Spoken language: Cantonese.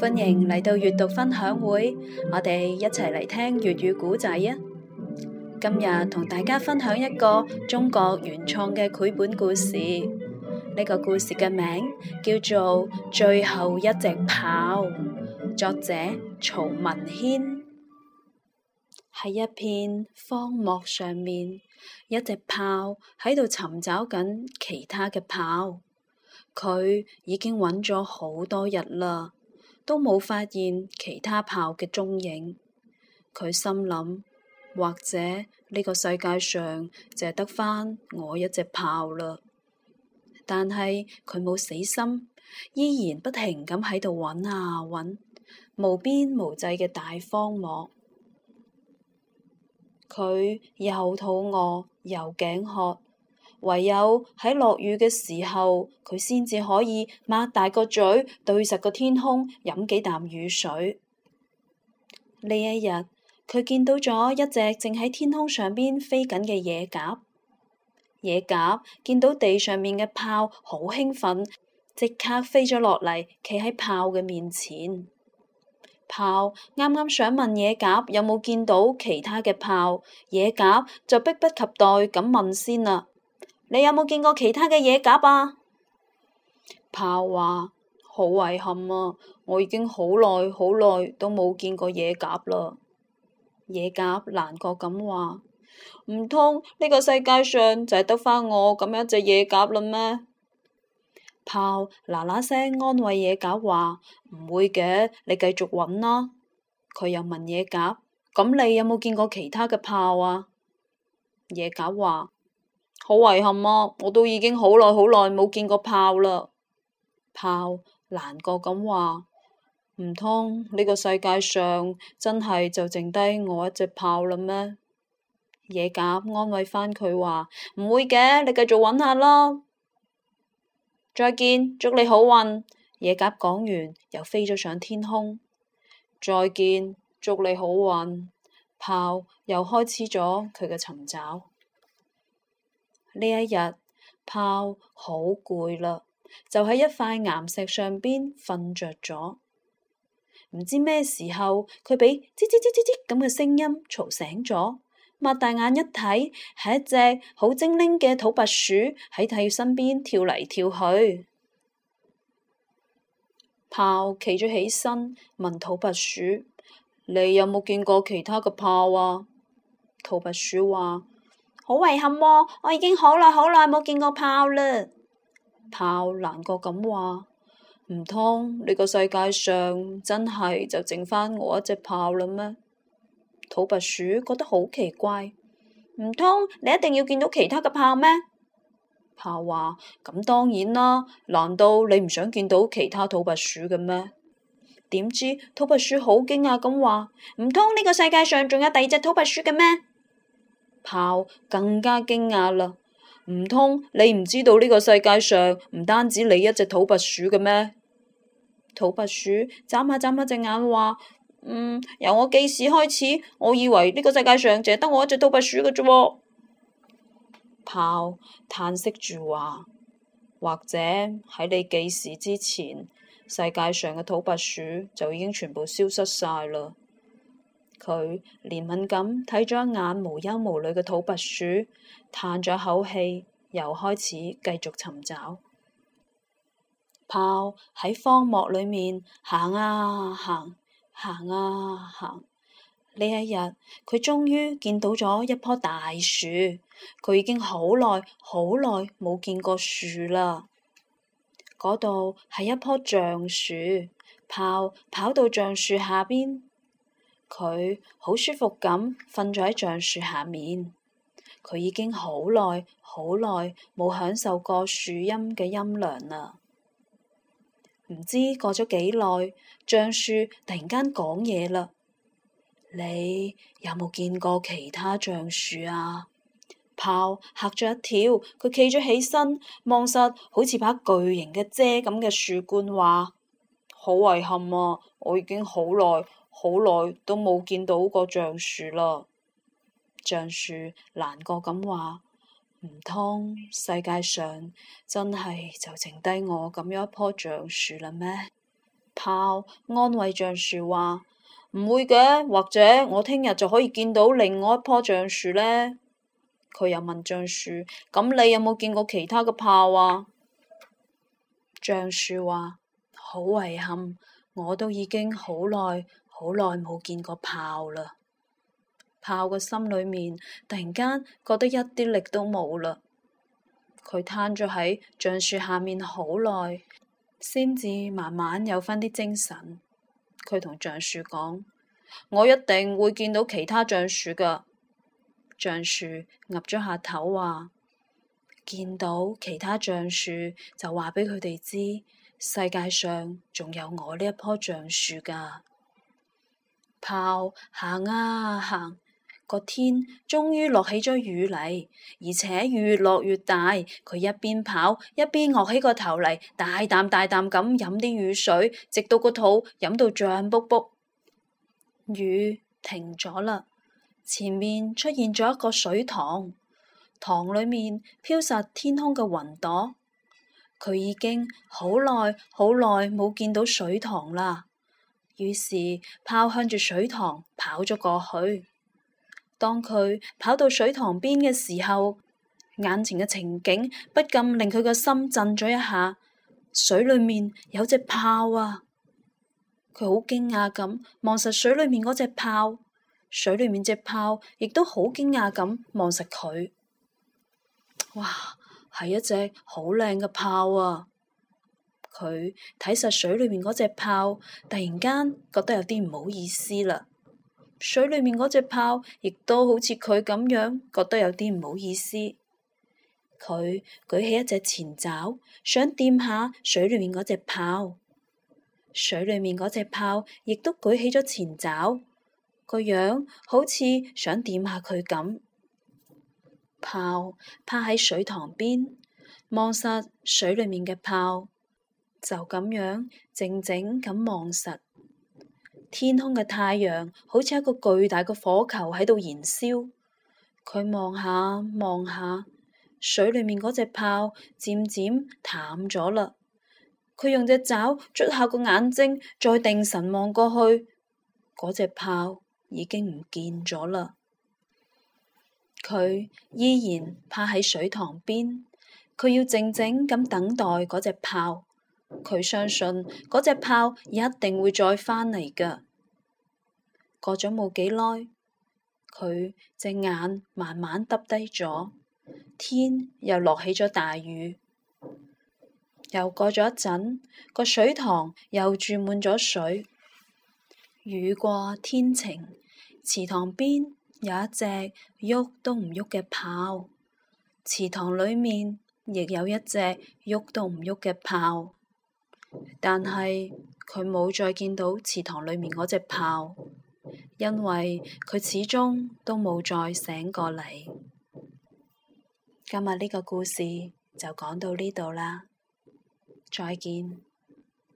歡迎嚟到閱讀分享會，我哋一齊嚟聽粵語古仔啊！今日同大家分享一個中國原創嘅繪本故事，呢個故事嘅名叫做《最後一隻豹》，作者曹文軒。喺一片荒漠上面，一隻豹喺度尋找緊其他嘅豹，佢已經揾咗好多日啦。都冇發現其他豹嘅蹤影，佢心諗，或者呢個世界上淨係得返我一隻豹嘞。但係佢冇死心，依然不停咁喺度揾啊揾，無邊無際嘅大荒漠，佢又肚餓又頸渴。唯有喺落雨嘅時候，佢先至可以擘大個嘴對實個天空飲幾啖雨水。呢一日，佢見到咗一隻正喺天空上邊飛緊嘅野鴿。野鴿見到地上面嘅豹，好興奮，即刻飛咗落嚟，企喺豹嘅面前。豹啱啱想問野鴿有冇見到其他嘅豹，野鴿就迫不及待咁問先啦。你有冇見過其他嘅野鴿啊？豹話：好遺憾啊，我已經好耐好耐都冇見過野鴿啦。野鴿難過咁話：唔通呢個世界上就係得返我咁樣隻野鴿啦咩？豹嗱嗱聲安慰野鴿話：唔會嘅，你繼續揾啦。佢又問野鴿：咁你有冇見過其他嘅豹啊？野鴿話。好遺憾啊！我都已經好耐好耐冇見過豹啦。豹難過咁話，唔通呢個世界上真係就剩低我一隻豹啦咩？野鴿安慰返佢話：唔會嘅，你繼續揾下啦。再見，祝你好運。野鴿講完又飛咗上天空。再見，祝你好運。豹又開始咗佢嘅尋找。呢一日，豹好攰啦，就喺一塊岩石上邊瞓着咗。唔知咩時候，佢俾吱吱吱吱吱咁嘅聲音嘈醒咗，擘大眼一睇，係一隻好精靈嘅土撥鼠喺佢身邊跳嚟跳去。豹企咗起身，問土撥鼠：你有冇見過其他嘅豹啊？土撥鼠話。好遺憾、哦，我已經好耐好耐冇見過豹啦。豹難過咁話，唔通呢個世界上真係就剩翻我一隻豹啦咩？土撥鼠覺得好奇怪，唔通你一定要見到其他嘅豹咩？豹話，咁當然啦，難道你唔想見到其他土撥鼠嘅咩？點知土撥鼠好驚訝咁話，唔通呢個世界上仲有第二隻土撥鼠嘅咩？豹更加驚訝啦！唔通你唔知道呢個世界上唔單止你一隻土撥鼠嘅咩？土撥鼠眨下眨下隻眼話，嗯、er, bon，由我記事開始，我以為呢個世界上淨係得我一隻土撥鼠嘅啫。豹嘆息住話，或者喺你記事之前，世界上嘅土撥鼠就已經全部消失晒啦。佢憐憫咁睇咗一眼無憂無慮嘅土撥鼠，嘆咗口氣，又開始繼續尋找。豹喺荒漠裏面行啊行，行啊行。呢一日，佢終於見到咗一棵大樹。佢已經好耐好耐冇見過樹啦。嗰度係一棵橡樹。豹跑到橡樹下邊。佢好舒服咁瞓咗喺橡樹下面，佢已經好耐好耐冇享受過樹蔭嘅陰涼啦。唔知過咗幾耐，橡樹突然間講嘢啦，你有冇見過其他橡樹啊？豹吓咗一跳，佢企咗起身，望實好似一把巨型嘅遮咁嘅樹冠，話：好遺憾啊，我已經好耐。好耐都冇見到個橡樹啦，橡樹難過咁話，唔通世界上真係就剩低我咁樣一棵橡樹啦咩？豹安慰橡樹話，唔會嘅，或者我聽日就可以見到另外一棵橡樹呢。佢又問橡樹咁，你有冇見過其他嘅豹啊？橡樹話，好遺憾，我都已經好耐。好耐冇見過豹啦！豹個心裏面突然間覺得一啲力都冇啦，佢攤咗喺橡樹下面好耐，先至慢慢有返啲精神。佢同橡樹講：我一定會見到其他橡樹噶。橡樹岌咗下頭話：見到其他橡樹就話俾佢哋知，世界上仲有我呢一棵橡樹噶。豹，行啊行，個天終於落起咗雨嚟，而且越落越大。佢一邊跑一邊昂起個頭嚟，大啖大啖咁飲啲雨水，直到個肚飲到脹卜卜。雨停咗啦，前面出現咗一個水塘，塘裏面飄晒天空嘅雲朵。佢已經好耐好耐冇見到水塘啦。於是，豹向住水塘跑咗過去。當佢跑到水塘邊嘅時候，眼前嘅情景不禁令佢個心震咗一下。水裏面有隻豹啊！佢好驚訝咁望實水裏面嗰隻豹，水裏面隻豹亦都好驚訝咁望實佢。哇，係一隻好靚嘅豹啊！佢睇實水裏面嗰隻豹，突然間覺得有啲唔好意思啦。水裏面嗰隻豹亦都好似佢咁樣，覺得有啲唔好意思。佢舉起一隻前爪，想掂下水裏面嗰隻豹。水裏面嗰隻豹亦都舉起咗前爪，個樣好似想掂下佢咁。豹趴喺水塘邊，望實水裏面嘅豹。就咁樣靜靜咁望實天空嘅太陽，好似一個巨大嘅火球喺度燃燒。佢望下望下，水裏面嗰隻豹漸漸淡咗啦。佢用隻爪捽下個眼睛，再定神望過去，嗰隻豹已經唔見咗啦。佢依然趴喺水塘邊，佢要靜靜咁等待嗰隻豹。佢相信嗰隻豹一定會再返嚟噶。過咗冇幾耐，佢隻眼慢慢耷低咗。天又落起咗大雨，又過咗一陣，個水塘又注滿咗水。雨過天晴，池塘邊有一隻喐都唔喐嘅豹，池塘裏面亦有一隻喐都唔喐嘅豹。但係佢冇再見到池塘裏面嗰隻豹，因為佢始終都冇再醒過嚟。今日呢個故事就講到呢度啦，再見。